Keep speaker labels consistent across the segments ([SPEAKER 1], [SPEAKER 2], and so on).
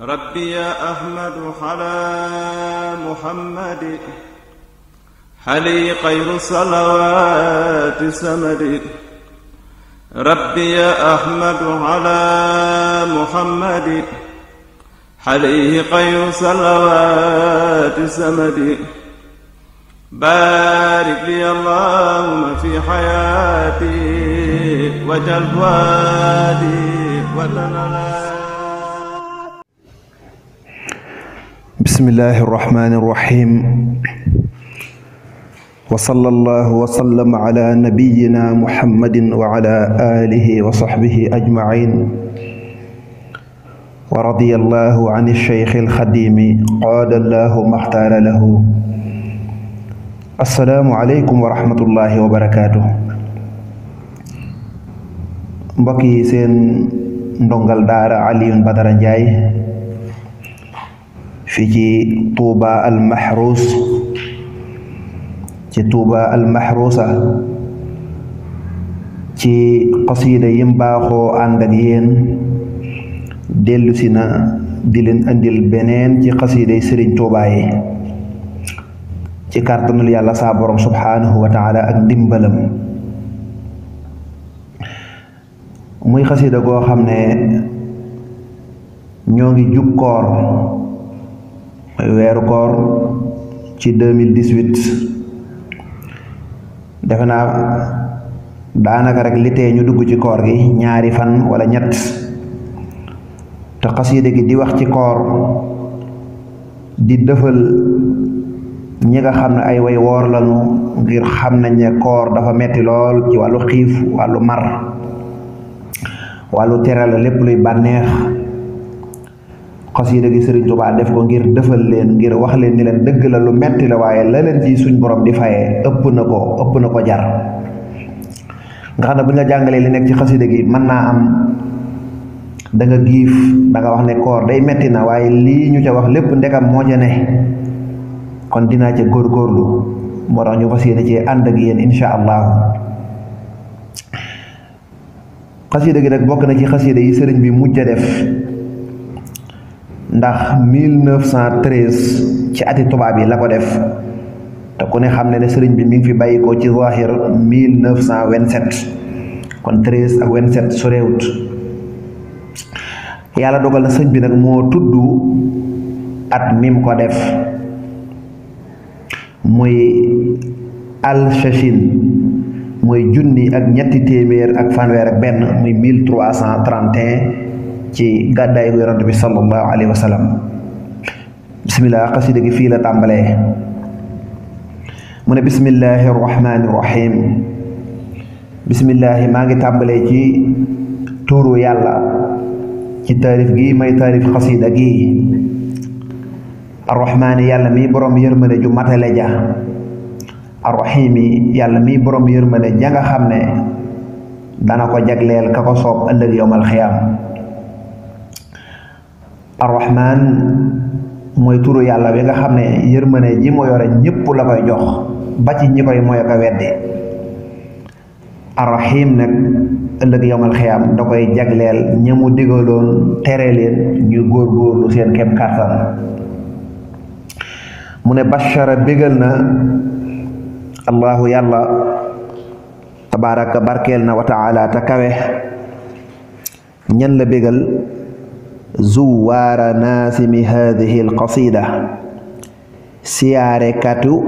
[SPEAKER 1] rabbi ya ahmadu xalaa muhammadi xali xayru salawaati samadi rabbi ya ahmadu xalaa muhammadi xali xayru salawaati samadi baarik li allahumma fi xayaati wajal waadi wa
[SPEAKER 2] bismillahi irrahmani irrahim wa salla allahu wa sallama ala nabiyina muhammadin wa ala alihi wa sahbihi ajmain wa radiya allahu an alcheikh alxadimi qaada allahu maxtaara lahu assalaamu aleykum wa rahmatullahi wa barakaatuh mbokk yi seen ndongal daara Alioune Badara Ndiaye fii ci tuuba almaxruus ci tuuba almaxruusa ci xasiida yim baaxoo ànd ak yéen dellusi na di leen indil beneen ci xasiiday sëriñ tuuba yi ci kàttanul yàlla saa borom subhaanahu wa taala ak dimbalam muy xasiida goo xam ne ñoo ngi jug koor weeru koor ci deux mille defe naa daanaka rekk li ñu dugg ci koor gi ñaari fan walla ñett te xasiida gi di wax ci koor di dëfal ñi nga xam ne ay way woor lañu ngir xam nañ ne koor dafa metti lool ci wàllu xiif wàllu mar wàllu terala lépp luy bànneex xasida gi sëriñ Tuubaa def ko ngir defal leen ngir wax leen di leen dëgg la lu metti la waaye la leen ci suñ borom di fayee ëpp na ko ëpp na ko jar nga xam ne bu ñu jàngalee li nekk ci xasida gi mën naa am da nga giif da wax ne koor day metti na waaye lii ñu ca wax lépp ndekam moo ca ne kon dinaa ca góorgóorlu moo tax ñu fas yéene ci ànd ak yéen insha allah xasida gi nag bokk na ci xasida yi sëriñ bi mujj a def ndax 1913 ci ati tubaab yi la ko def te ku ne xam ne ne sëriñ bi mi ngi fi bàyyi ko ci zahir 1927 kon 13 ak 27 sorewut yàlla dogal na sëñ bi nag moo tudd at mim ko def muy alchachine muy junni ak ñetti téeméer ak fanweer ak benn muy 1331 ci gàddaay gu yonent bi sallallahu alayhi wa sallam bismillah xasida gi fii la tàmbalee mu ne bismillahi rahmaani rahim bismillahi maa ngi tàmbalee ci tuuru yàlla ci taarif gi may taarif xasida gi arrahmaani yàlla mi borom yërmande ju matale ja arrahimi yàlla mi borom yërmande ja nga xam ne dana ko jagleel ka ko soob ëllëg yowmal xiyaam arrahman mooy turu yàlla bi nga xam ne yërmane ji mu yore ñépp la koy jox ba ci ñi koy mooy ko weddi arrahim nag ëllëg yowmal xiyaam da koy jagleel ña mu digaloon tere leen ñu góorgóorlu seen kem kàttan mu ne bashara bégal na allahu yàlla tabaaraka barkeel na wa taala kawe ñan la bégal zuwaara naasimi haadihi alqasida siyaarekatu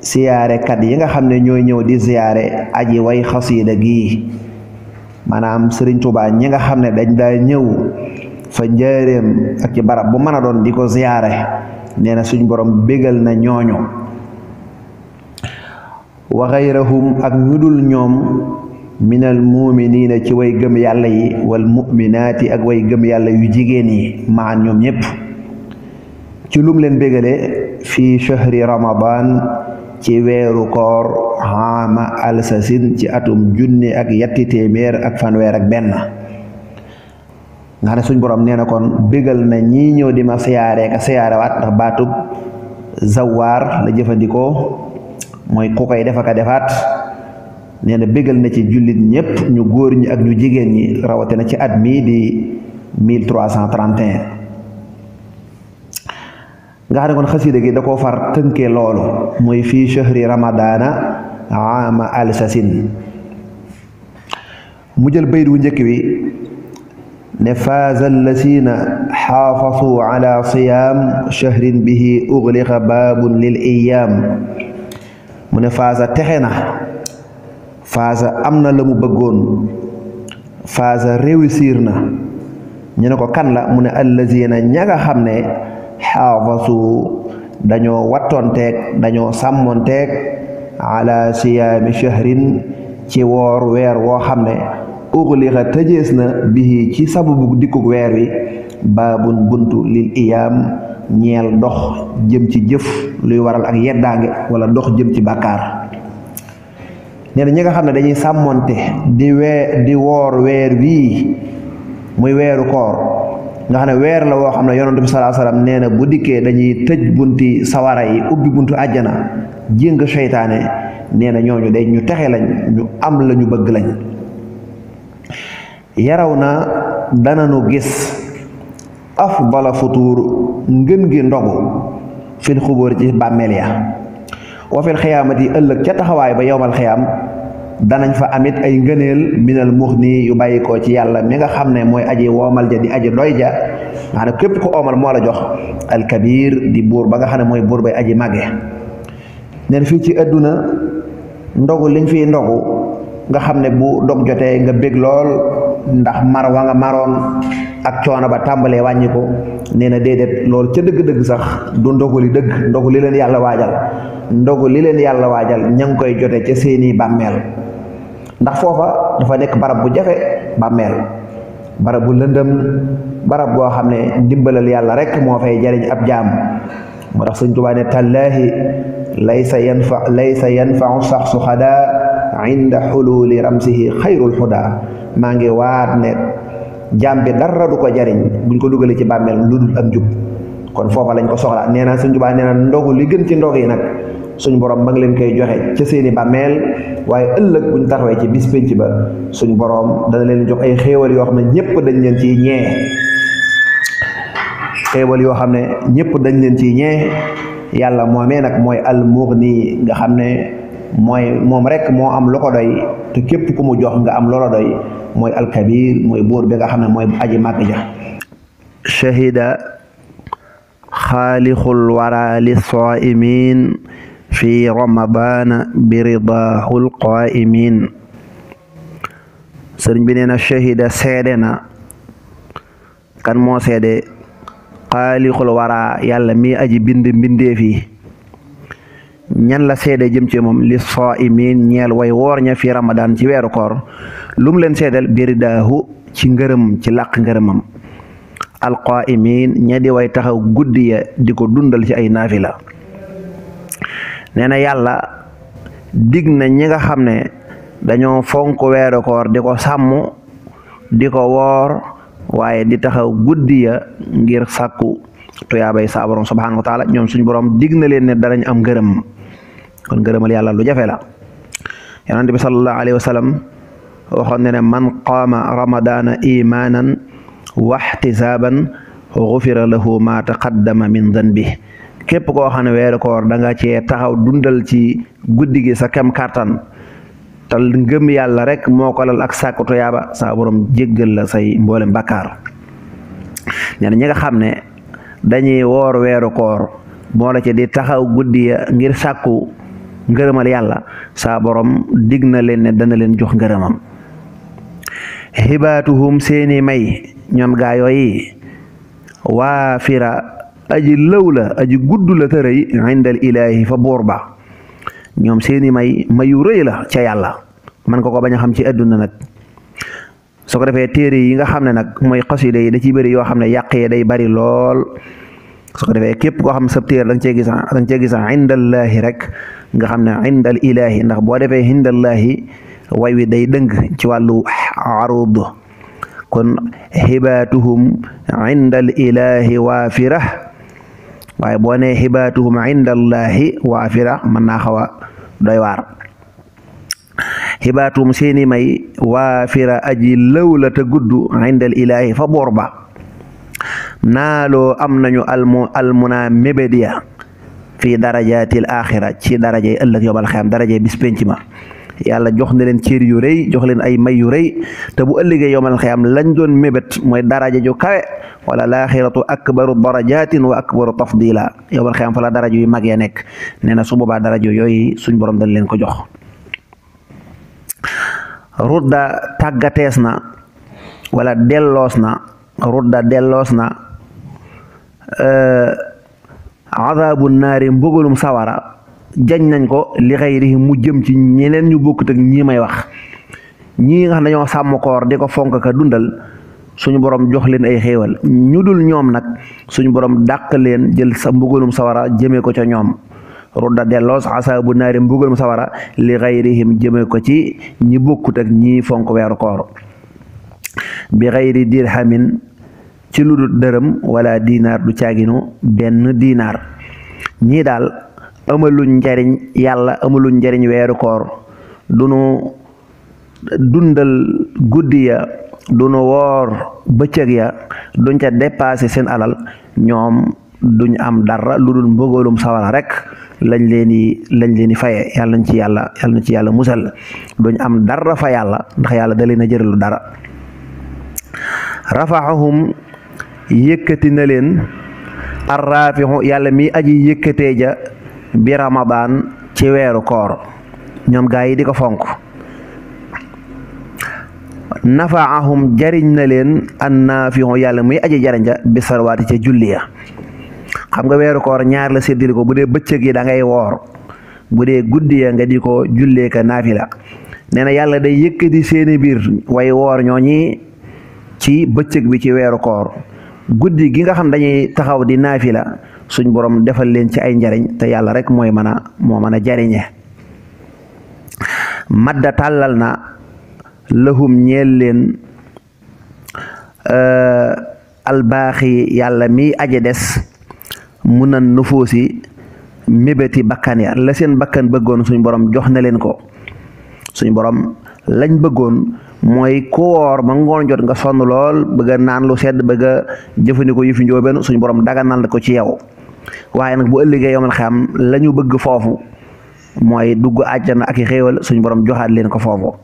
[SPEAKER 2] siyaarekat yi nga xam ne ñooy ñëw di siyaare aji way xasida gi maanaam Sëriñ Tuubaa ñi nga xam ne dañ daa ñëw fa njaareem ak ci barab bu mën a doon di ko siyaare neena suñ boroom bégal na ñooñu wa ak ñu dul ñoom minal muminina ci way gëm yàlla yi wal muminaati ak way gëm yàlla yu jigéen yi maan ñoom ñépp ci lum leen bégalee fii chahri ramadan ci weeru koor xaama alsasin ci atum junni ak yetti téeméer ak fanweer ak benn nga xam ne suñ borom nee kon bégal na ñii ñëw di ma siyaaree ka siyaarewaat ndax la jëfandikoo mooy ku koy defa defaat nee na bégal na ci jullit ñépp ñu góor ñi ak ñu jigéen ñi rawate na ci at mii di 1331 nga xam kon xasida gi da koo far tënkee loolu muy fii chahri ramadana alsasin mu jël bayt wu njëkk wi ne faaza allasina xaafasu ala siyaam chahrin bihi ugliqa baabun lil iyaam mu ne faaza texe na faasa am na la mu bëggoon faasa réussir na ñu ne ko kan la mu ne allazina ña nga xam ne xaafasu dañoo wattoonteeg dañoo sàmmoonteeg ala siyaami shahrin ci woor weer woo xam ne uxlixa tëjees na bihi ci sababu dikkug weer wi baabun buntu lil iyaam ñeel dox jëm ci jëf luy waral ak yeddaange wala dox jëm ci bàkkaar nee na ñi nga xam ne dañuy sàmmoonte di weer di woor weer wii muy weeru koor nga xam ne weer la woo xam ne yonent bi nee na bu dikkee dañuy tëj sawara yi ubbi buntu àjjana jéng seytaane nee na ñooñu day ñu texe lañ ñu am la bëgg lañ yaraw na dananu gis afdala futuur ngën gi ndogu fil xubóor ci bàmmeel ya wafil xiyaamati ëllëg ca taxawaay ba yowmal xiyaam danañ fa amit ay ngëneel minal muux nii yu bàyyi ko ci yàlla mi nga xam ne mooy aji woomal ja di aji doy ja nga xam ne képp ko oomal moo la jox alkabir buur ba nga xam ne mooy buur bay aji mage neen fii ci àdduna ndogu liñ fiy ndogu nga xam ne bu dog jotee nga bég lool ndax mar wa nga maroon ak coono ba tàmbalee wàññi ko na déedéet loolu ca dëgg-dëgg sax du ndogu dëgg ndogu li leen yàlla waajal ndogu li leen yàlla waajal ña ngi koy jote ca seeni bàmmeel ndax foofa dafa nekk barab bu jafe bàmmeel barab bu lëndëm barab boo xam ne ndimbalal yàlla rek moo fay jariñ ab jaam moo tax Sëñ Tuubaa ne tallaahi laysa yanfa laysa yanfau saxsu xadaa inda xuluuli ramsihi xayrul maa ngi waat ne jaam bi dara du ko jariñ buñ ko dugalee ci bàmmeel lu dul am njub kon foofa lañ ko soxla nee na suñ jubaa nee na ndogu li gën ci ndog yi nag suñ borom mag leen koy joxe ca seeni bàmmeel waaye ëllëg buñ taxawee ci bis pénc ba suñ boroom dana leen jox ay xéewal yoo xam ne ñëpp dañ leen ciy ñee xéewal yoo xam ne ñëpp dañ leen ciy ñee yàlla moomee nag mooy nii nga xam ne mooy moom rek moo am lu ko doy te képp ku mu jox nga am loola doy mooy alkabir mooy buur bi nga xam ne mooy aji màgg ja shahida xaalixul wara li saaimin fi ramadaana bi ridaahul qaaimin sëriñ bi na shahida seede na kan moo seede xaalixul wara yàlla mi aji bind mbindeef yi ñan la seede jëm ci moom li saaimin way woor fi ramadaan ci weeru koor lu mu leen seedal biridaahu ci ngërëm ci làq ngërëmam alqaaimin ña di way taxaw guddi ya di ko dundal ci ay naafi nee na yàlla dig na ñi nga xam ne dañoo fonk weeru di ko sàmm di ko woor waaye di taxaw guddi ya ngir sàkku tuyaabay saa borom subhaanahu wa taala ñoom suñu borom dig na leen ne danañ am ngërëm kon ngërëmal yàlla lu jafe la yonent bi sallallahu alayhi wa waxoon ne man qaama ramadaana imaanan waxtisaaban xufira lahu ma taqaddama min bi képp koo xam ne weeru koor da cee taxaw dundal ci guddi gi sa kem kàttan te ngëm yàlla rek moo ko lal ak sàkku tuyaaba saa jéggal la say mboolem bakkaar ñenn ñi xam ne dañuy woor weeru koor ci di taxaw guddi ngir sàkku ngërëmal yàlla saa borom dig leen dana leen jox ngërëmam xibaatuhum seeni may ñoom gaa yooyi waafira aji lëw la aji gudd la te rëy indal ilaahi fa buur ba ñoom seeni may mayu rëy la ca yàlla man ko ko bañ a xam ci àdduna nag su ko defee téere yi nga xam ne nag mooy xasida yi da ciy bëri yoo xam ne yàq yee day bari lool su ko defee képp koo xam sab téere da nga cee gis da nga cee gis indallaahi rek nga xam ne indal ilaahi ndax boo defee indallaahi way wi day dëng ci wàllu arud kon xibaatuhum inda al waafira waaye boo nee xibaatuhum allahi waafira mën naa xaw a doy waar xibaatuhum seeni may waafira aji lawla te gudd inda fa boor ba naaloo am nañu almu almuna mébédia fii darajatil axira ci darajey ëllëg yobal xam darajey ma yàlla jox na leen cër yu rëy jox leen ay may yu rëy te bu ëllëgee yowmal xiyaam lañ doon mébét mooy daraja ju kawe wala laaxiratu akbaru darajatin wa akbaru tafdila yowmal xiyaam yu mag ya nekk nee na su boobaa daraja yooyu suñ borom dañ leen ko jox rudda tàggatees na wala delloos na rudda delloos na euh, azaabu naari mbugalum sawara jañ nañ ko li xayrihi mu jëm ci ñeneen ñu bokkut ak ñii may wax ñii nga xam dañoo sàmm koor di ko fonk ka dundal suñu boroom jox leen ay xéewal ñu dul ñoom nag suñu borom dàq leen jël sa mbugalum sawara jëmee ko ca ñoom rudda delloos asaabu naari mbugalum sawara li xayrihim jëmee ko ci ñi bokkut ak ñii fonk weeru koor bi xayri dirhamin ci lu dul dërëm walla diinaar du caaginu benn diinaar ñii daal amaluñ njariñ yàlla amaluñ njariñ weeru koor dunu dundal guddi ya dunu woor bëccëg ya duñ ca dépassé seen alal ñoom duñ am dara lu dul mbëggoolum sawara rek lañ leen di lañ leen di faye yàlla nañ ci yàlla yàlla nañ ci yàlla musal duñ am dara fa yàlla ndax yàlla da leen a jëralu dara rafaxahum yëkkati na leen arraafixu yàlla mi aji yëkkatee bi ramadaan ci weeru koor ñoom gaa yi di ko fonk nafaahum jariñ na leen annaafihu yàlla muy aji jariñ ja bi sarwaati ca julli ya xam nga weeru koor ñaar la séddale bu dee bëccëg yi da woor bu dee guddi ya nga di ko jullee ka naafila neena yàlla day yëkkati seeni biir way woor ñooñi ci bëccëg bi ci weeru koor guddi gi nga xam dañuy taxaw di naafila suñ borom defal leen ci ay njariñ te yàlla rek mooy mën a moo mën a jariñe madda tàllal na lahum ñeel leen euh, albaaxi yàlla miy aje des mu nan nufoosi mébéti bakkan ya la seen bakkan bëggoon suñ borom jox na leen ko suñ borom lañ bëggoon mooy koor ba ngoon jot nga sonn lool bëgg naan lu sedd bëgg a jëfandikoo yu fi njóobeen suñ borom daganal ko ci yow waaye nag bu ëllëgee yomal xam lañu bëgg foofu mooy dugg àjjana ak i xéewal suñu borom joxaat leen ko foofu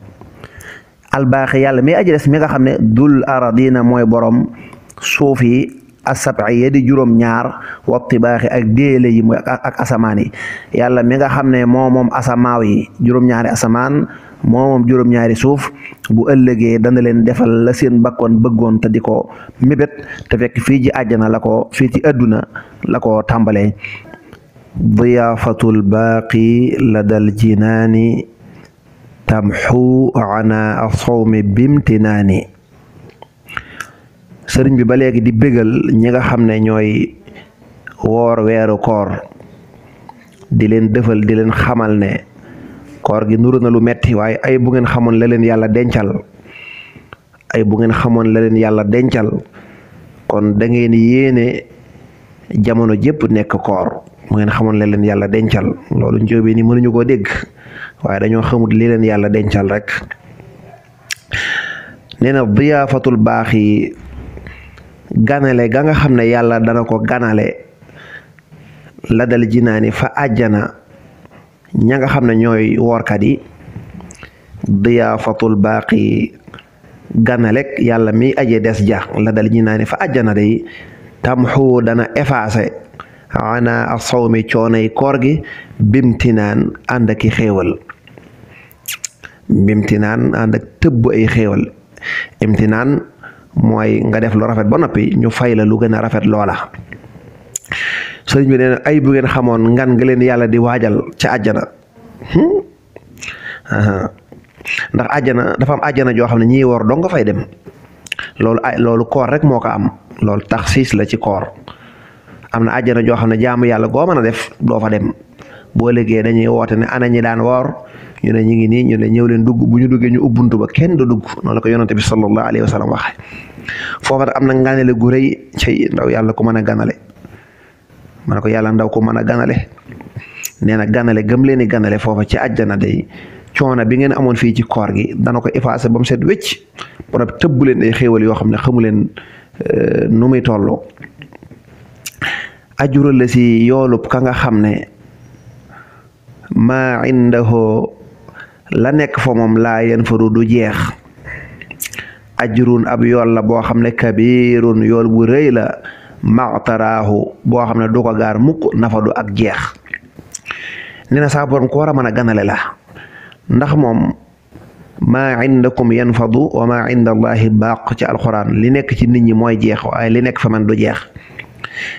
[SPEAKER 2] albaaxi yàlla mi aji des mi nga xam ne dul aradina mooy borom suuf yi asabi ya di juróom ñaar watti baaxi ak déele yi mooy ak asamaan yi yàlla mi nga xam ne moomoom moom asamaaw yi juróom-ñaari asamaan moomoom juróom-ñaari suuf bu ëllëgee dana leen defal la seen bakkoon bëggoon te di ko mébét te fekk fii ci àjjana la ko fii ci àdduna la ko tàmbalee diyaafatul baaqi la dal jinaani tamxu ana asawmi bimtinaani sëriñ bi ba léegi di bégal ñi nga xam ne ñooy woor weeru koor di leen dëfal di leen xamal ne koor gi nuru na lu metti waaye ay bu ngeen xamoon la leen yàlla dencal ay bu ngeen xamoon la leen yàlla dencal kon dangeen ngeen yéene jamono jëpp nekk koor bu ngeen xamoon la leen yàlla dencal loolu njóobee ni mënuñu koo dégg waaye dañoo xamut li leen yàlla dencal rek nee na diyaafatul baax yi ganale ga nga xam ne yàlla dana ko ganale la dal jinaani fa àjjana ña nga xam ne ñooy woorkat yi diyaafatul baaqi ganalek yàlla mi aje des ja la dal ñi naa fa ajjana day tamxu dana effacé ana a sawmi coonay koor gi bimtinaan ànd aki xéewal bimtinaan ànd ak tëbb ay xéewal imtinaan mooy nga def lu rafet ba noppi ñu fay la lu gën a rafet loola sëriñ bi nee na ay bu ngeen xamoon ngan nga leen yàlla di waajal ca àjjana hmm? ndax àjjana dafa am àjjana joo xam ne ñii woor dong nga fay dem loolu ay loolu koor rek moo ko am loolu taxsiis la ci koor am na àjjana joo xam ne jaamu yàlla koo mën a def doo fa dem boo léegi dañuy woote ne ana ñi daan woor ñu ne ñu ngi nii ñu ne ñëw leen dugg bu ñu duggee ñu ubbuntu ba kenn du dugg noonu la ko yonante bi sallallahu alayhi wa sallam waxe foofa am na nganale gu rëy ci ndaw yàlla ku mën a ganale ma ne ko yàlla ndaw ko mën a ganale nee na ganale gëm leen ni ganale foofa ci àjjana day coono bi ngeen amoon fii ci koor gi dana ko effacé ba mu set wécc ba noppi tëbb leen ay xéewal yoo xam ne xamu leen euh, nu muy tolloo ajural la si yoolub ka nga xam ne maa indahoo la nekk fa moom laa yen faru du jeex ajurun ab yool la boo xam ne kabirun yool bu rëy la maxtaraaxu boo xam ne du ko gaar mukk nafadu ak jeex nee na saa borom ku war a mën a ganale la ndax moom maa indakum yanfadu wa maa inda allahi baaq ci alxuraan li nekk ci nit ñi mooy jeex waaye li nekk fa man du jeex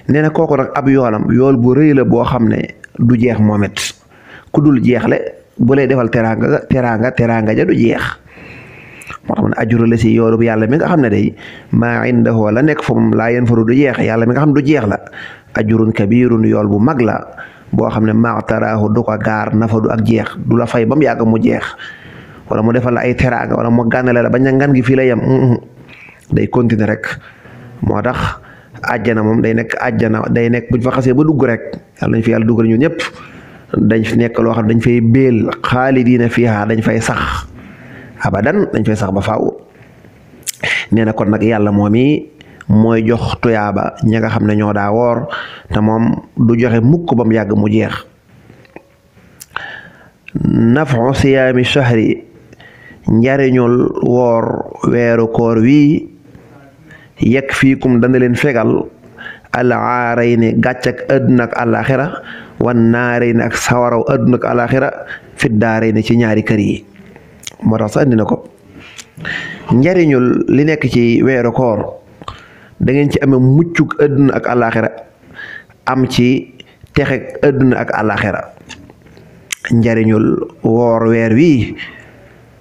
[SPEAKER 2] nee na kooku nag ab yoolam yool bu rëy la boo xam ne du jeex moom it ku dul jeex jeexle bu lay defal teraanga teraanga teraanga ja du jeex moo tax man la si yoolub yàlla mi nga xam ne day maa indahu la nekk foofu laa yéen faru du jeex yàlla mi nga xam du jeex la ajurun kabirun yool bu mag la boo xam ne maa taraahu du ko gaar nafadu ak jeex du la fay ba mu yàgg mu jeex wala mu defal la ay teraanga wala mu gànnale la bañ na ngan gi fii la yem day continuer rek moo tax àjjana moom day nekk àjjana day nekk buñ fa xasee ba dugg rek yàlla nañ fi yàlla duggal ñun ñëpp dañ fi nekk loo xam dañ fay béel xaalidiina fiihaa dañ fay sax abadan dañ fay sax ba faaw nee kon nag yàlla moom yi mooy jox tuyaaba ñi nga xam ne ñoo daa woor te moom du joxe mukk ba mu yàgg mu jeex nafu siyaami shahri njariñul woor weeru koor wi yekk fii fiikum dana leen fegal alaaray ni gàcc ak àdduna ak àllaaxira wan naaray ni ak sawaraw àdduna ak àllaaxira fiddaaray ni ci ñaari kër yi moo tax sax indi ko njariñul li nekk ci weeru koor dangeen ci amee muccug àdduna ak àllaaxira am ci texe àdduna ak àllaaxira njariñul woor weer wii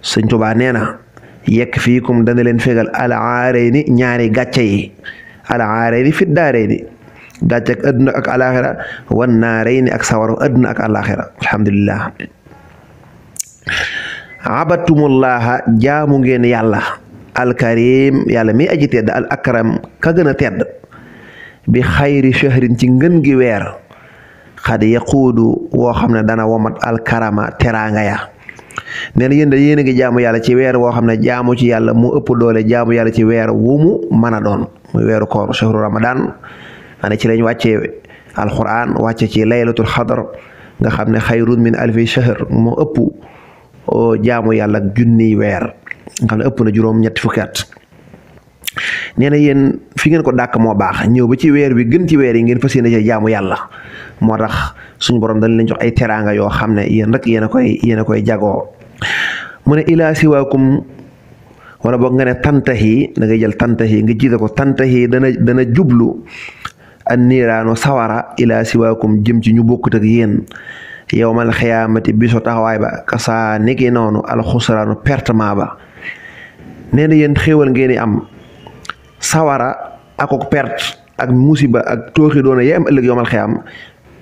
[SPEAKER 2] sëñ Tuubaa nee na yekk fii kum dana leen fegal alaareyni ñaari gàcce yi alaareyni fit daareyni gàcce ak àdduna ak àllaaxira wan naareyni ak sawaru àdduna ak àllaaxira alhamdulillah abatumullaha jaamu ngeen yàlla alkarim yàlla mi aji tedd al akram ka gën tedd bi xayri shahrin ci ngën gi weer xad yaquudu woo xam ne dana womat alkarama teraanga ya neen yéen da yéen a ngi jaamu yàlla ci weer woo xam ne jaamu ci yàlla mu ëpp doole jaamu yàlla ci weer wu mu mën a doon muy weeru koor shahru ramadan ane ci lañ wàcce alquran wàcce ci laylatul xadar nga xam ne xayrun min alfi shahr moo ëpp jaamu yàlla ak junniy weer nga xam ne ëpp na juróom-ñetti fukki at nee yéen fi ngeen ko dàq moo baax ñëw ba ci weer wi gën ci weer yi ngeen fas yéene ci jaamu yàlla moo tax suñu borom dañ leen jox ay teraanga yoo xam ne yéen rek yéen a koy yéen a koy jagoo mu ne ilaa siwaakum wala boog nga ne tantahi da ngay jël tantahi nga jiite ko tantahi dana dana jublu a niiraano sawara ilaa siwaakum jëm ci ñu bokkut ak yéen yowmal xiyaamati bisu taxawaay ba kasaa niki noonu alxusraanu pertement ba nee na yéen xéewal ngeen am sawara akok perte ak musiba ak tooxi doona yee am ëllëg yowmal xiyaam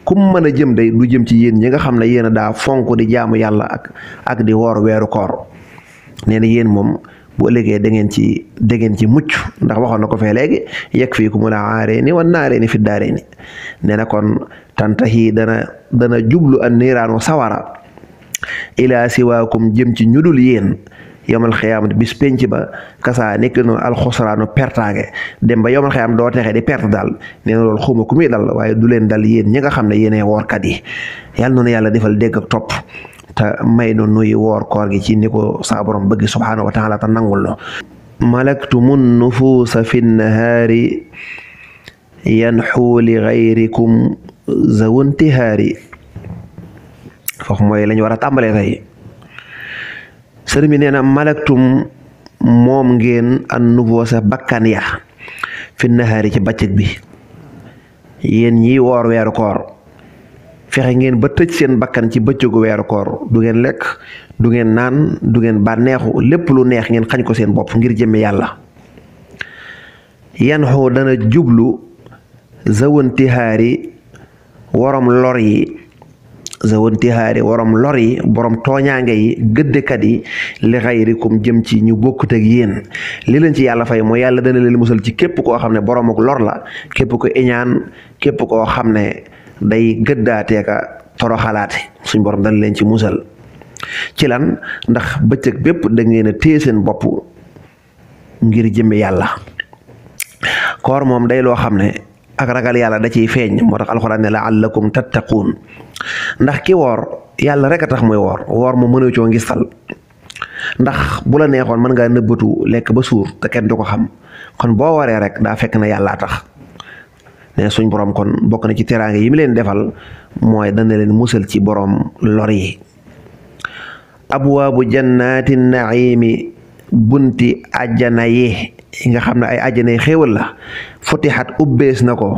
[SPEAKER 2] kum mën a jëm day du jëm ci yéen ñi nga xam ne yéen a daa fonk di jaamu yàlla ak ak di woor weeru koor nee na yéen moom bu ëllëgee da ngeen ci da ngeen ci mucc ndax waxoon na ko fee léegi yegg fii ku mun a aaree ni wan naaree ni fi nii nee na kon tantahi dana dana jublu an niiraanu sawara ilaa siwaakum jëm ci ñu dul yéen yomal xiyaamat bis pénc ba kasaa nekk no alxosraanu pertaange dem ba yomal xiyaam doo texe di perte daal nee na loolu xuma ku muy dal waaye du leen dal yéen ñi nga xam ne yenee woorkat yi yàlla noonu yàlla defal dégg ak topp te may no nuy woor koor gi ci ni ko saa borom bëgg subhaanahu wa taala te nangul no malaktumun nufuusa fi nnahaari yanxuu li gayrikum zawunti haari foofu mooy lañu war a tàmbalee tey sëriñ bi nee na malaktum moom ngeen an nufuusa bakkan ya fi ci bëccëg bi yéen ñiy woor weeru koor fexe ngeen ba tëj seen bakkan ci bëccëgu weeru koor du ngeen lekk du ngeen naan du ngeen bànneexu lépp lu neex ngeen xañ ko seen bopp ngir jëmm yàlla yan xoo dana jublu zawantihaari warom lor yi zawantihaari warom lor yi boroom tooñaange yi gëddekat yi li xayrikum jëm ci ñu bokkut ak yéen li leen ci yàlla fay mooy yàlla dana leen musal ci képp koo xam ne borom ak la képp ko iñaan képp koo xam ne day gëddaateeka toroxalaate suñ borom dana leen ci musal ci lan ndax bëccëg bépp da ngeen a téye seen bopp ngir jëmmi yàlla koor moom day loo xam ne ak ragal yàlla da ciy feeñ moo tax alxuraan ne la'allakum tattaquun ndax ki woor yàlla rek a tax muy woor woor mu mënoo coo ngistal ndax bu la neexoon mën ngaa nëbbatu lekk ba suur te kenn du ko xam kon boo waree rek daa fekk na yàllaa tax ne suñ borom kon bokk na ci teraange yi mu leen defal mooy dana leen musal ci boroom lor yi abwaabu jannaati naimi bunti ajana yi yi nga xam ne ay àjjanay xéewal la futixat ubbees na ko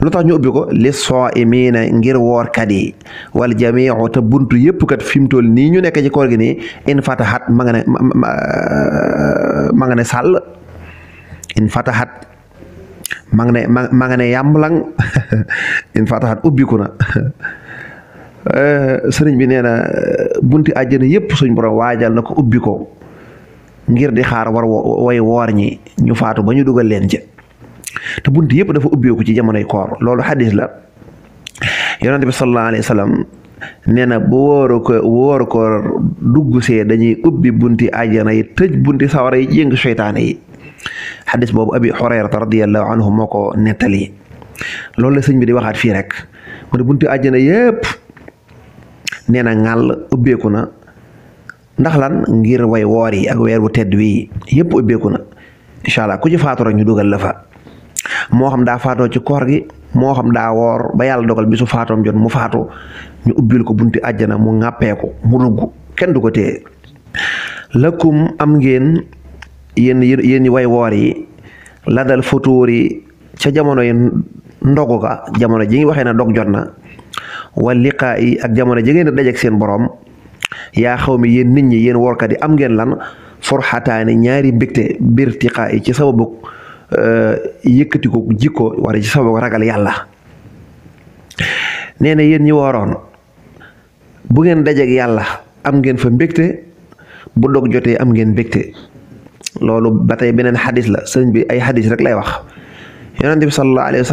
[SPEAKER 2] lu tax ñu ubbi ko li soo imiina ngir woorkat yi wal jamiu te bunt yépp kat fi mu toll nii ñu nekk ci koor gi nii in fataxat ma nga ne ma ne sàll in fataxat ma nga ne ma nga ne yàmbalang in fataxat ubbiku na eh, sëriñ bi nee na eh, bunti àjjana yëpp suñ borom waajal na ko ubbi ko ngir di xaar war way woor ñi ñu faatu ba ñu dugal leen ca te bunt yëpp dafa ubbeeku ci jamonoy koor loolu xadis la yonent bi nee na bu wóoru ko wóoru koor dugg see dañuy ubbi yi tëj bunti sawara yi yëng seytaane yi xadis boobu abi xureyrata radiallahu moo ko nettali loolu la sëñ bi di waxaat fii rek mu ne bunti ajjana yëpp nee na ŋàll ubbeeku na ndax lan ngir woy woor yi ak weer wu tedd wi yëpp ubbeeku na incha allah ku ci faatu rek ñu dugal la fa moo xam daa faatoo ci koor gi moo xam daa woor ba yàlla dogal bi su faatoom jot mu faatu ñu ubbil ko bunti àjjana mu ŋàppeeku mu kenn du ko téye lakum am ngeen yéen yéen ñi way woor yi la dal futuur yi ca jamono yi ndogu ga jamono ji ngi waxee na dog jot na wa liqaa yi ak jamono ji ngeen dajek seen boroom yaa xaw mi yéen nit ñi yéen workat yi am ngeen lan forxataane ñaari mbégte biir tiqaa yi ci sababu euh, yëkkati jikko war a ci sababu ragal yàlla nee na yéen ñi woroon bu ngeen dajeeg yàlla am ngeen fa mbégte bu dog jotee am ngeen mbégte loolu ba tey beneen xadis la sëñ bi ay xadis rek lay wax yonent bi sallallahu alayhi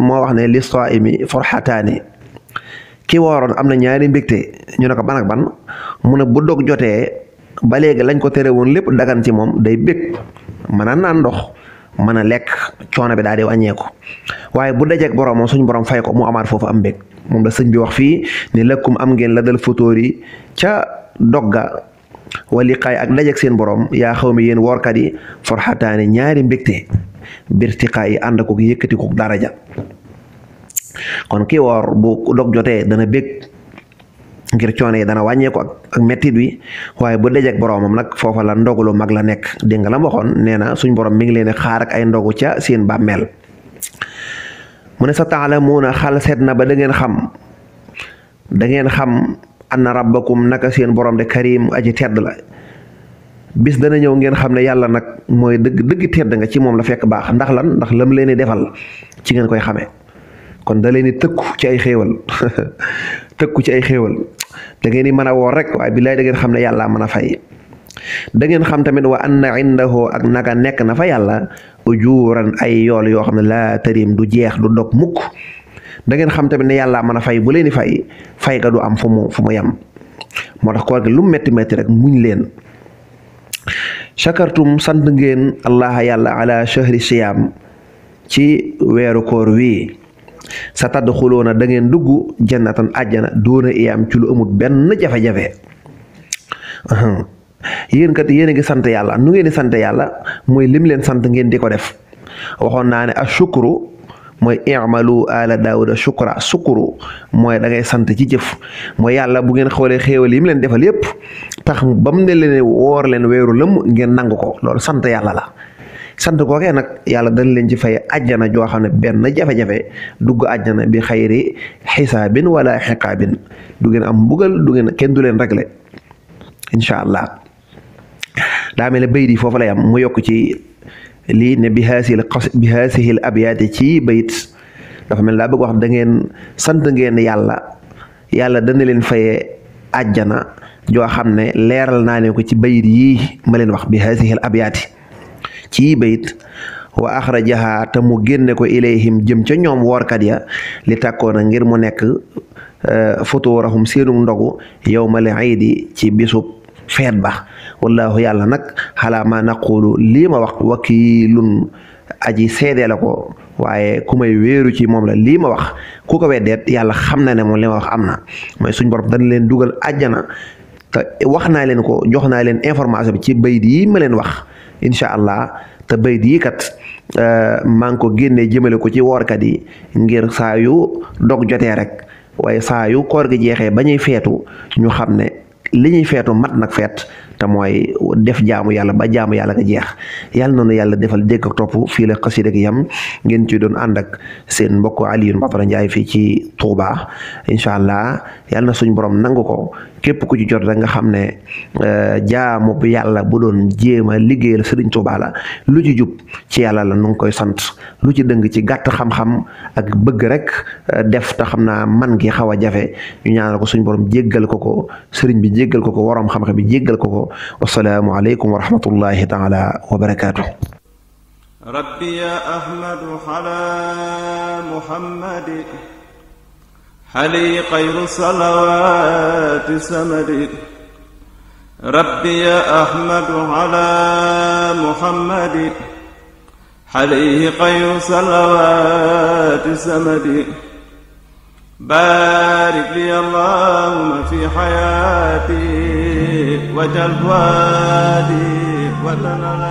[SPEAKER 2] moo wax ne li saimi forxataani ki wooroon am na ñaari mbégte ñu ne ko ban ban mu ne bu dog jotee ba léegi lañ ko tere woon lépp dagan ci moom day bég mën a naan ndox mën a lekk coono bi daal di wàññeeku waaye bu dajeeg boroomam suñu borom fay ko mu amaat foofu am bég moom la sëñ bi wax fii ni lëkkum am ngeen la dal fotóor yi ca dogga wali xaay ak dajeeg seen borom yaa xaw ma yéen woorkat yi forxataani ñaari mbégte birtiqaa yi ànd kook yëkkati kook daraja kon kiwoor woor bu dog jotee dana bég ngir coono yi dana wàññeeku ak mettit wi waaye bu dajee ak boroomam nag foofa la ndogulu mag la nekk dégg nga la waxoon nee na suñ borom mi ngi leen di xaar ay ndogu ca seen bàmmeel mu ne sa taalamuuna xal seet na ba da ngeen xam da ngeen xam anna rabbakum naka seen borom de karim aji tedd la bis dana ñëw ngeen xam ne yàlla nag mooy dëgg dëgg tedd nga ci moom la fekk baax ndax lan ndax lam leen di defal ci ngeen koy xamee. kon da leen di tëkku ci ay xéewal tëkku ci ay xéewal da ngeen di mën a woor rek waaye billaay da xam ne yàlla mën a fay da ngeen xam tamit wa anna indahu ak nekk na fa yàlla ujuran ay yool yoo xam ne laa tërim du jeex du dog mukk da ngeen xam tamit ne yàlla mën a fay bu leen di fay fay ga du am fu mu fu mu yem moo tax koor gi lu metti metti rek muñ leen shakartum sant ngeen allah yàlla ala shahri siyaam ci weeru koor wii sa tadd xuloona da ngeen dugg jannatan àjjana doona iyaam ci lu amut benn jafe-jafe yéen kat yéen a ngi sant yàlla nu ngeen di sant yàlla mooy lim leen sant ngeen di ko def waxoon naa ne ashukru mooy i'malu ala daawuda shukra sukuru mooy da ngay sant ci jëf mooy yàlla bu ngeen xoolee xéewal yi mu leen defal yépp tax ba mu ne leen woor leen weeru lëmm ngeen nangu ko loolu sant yàlla la sant googee nag yàlla dañ leen ci fay ajjana joo xam ne benn jafe-jafe dugg ajjana bi xayri xisaabin wala xiqaabin du ngeen am mbugal du ngeen kenn du leen réglé incha allah daa mel ne bayit yi foofu lay am mu yokk ci lii ne bi haasihil ci bayit dafa mel daa bëgg wax da ngeen sant ngeen yàlla yàlla dana leen fayee ajjana joo xam ne leeral naa ne ko ci bayit yii ma leen wax bi haasihil abyaati ci bayit wa axrajaha te mu génne ko ilayhim jëm ca ñoom woorkat ya li tàkkoona ngir mu nekk euh, futuurahum seenu ndogu yawmal iidi ci bisub feet ba wallaahu yàlla nag xalaa ma naqulu lii ma wax wakiilun aji seede la ko waaye ku may wéeru ci moom la lii ma wax ku ko weddeet yàlla xam na ne moom li ma wax am na mooy suñ borom dañ leen dugal àjjana te wax naa leen ko jox naa leen information bi ci bayit yi ma leen wax incha allah te bayit yi kat euh, maa ngi ko génnee jëmale ko ci woorkat yi ngir saa yu dog jotee rek waaye saa yu koor gi jeexee ba ñuy feetu ñu xam ne li ñuy feetu mat nag feet te mooy def jaamu yàlla ba jaamu yàlla nga jeex yàlla noonu yàlla defal dégg ak topp fii la xasida gi yam ngeen ci doon ànd ak seen mbokk Alioune Badara Ndiaye fii ci Touba incha allah yàlla na suñu borom nangu ko. képp ku ci jot rek nga xam ne euh, jaamu bu yàlla bu doon jéem a liggéeyal sëriñ Tuubaa la lu ci jub ci yàlla la nu ngi koy sant lu ci dëng ci gàtt xam-xam ak bëgg rek euh, def te xam naa man ngi xaw a jafe ñu ñaanal ko suñu borom jéggal ko ko sëriñ bi jéggal ko ko waroom xam-xam bi jéggal ko ko wasalaamu aleykum wa rahmatullahi taala wa barakaatu
[SPEAKER 1] rabbi ya ahmadu ala muhammadi xali xayru salawaati samadi rabbi ya ahmadu ala muhammadi xali xayru salawaati samadi baarik li allahumma fi xayaati wajal waadi wa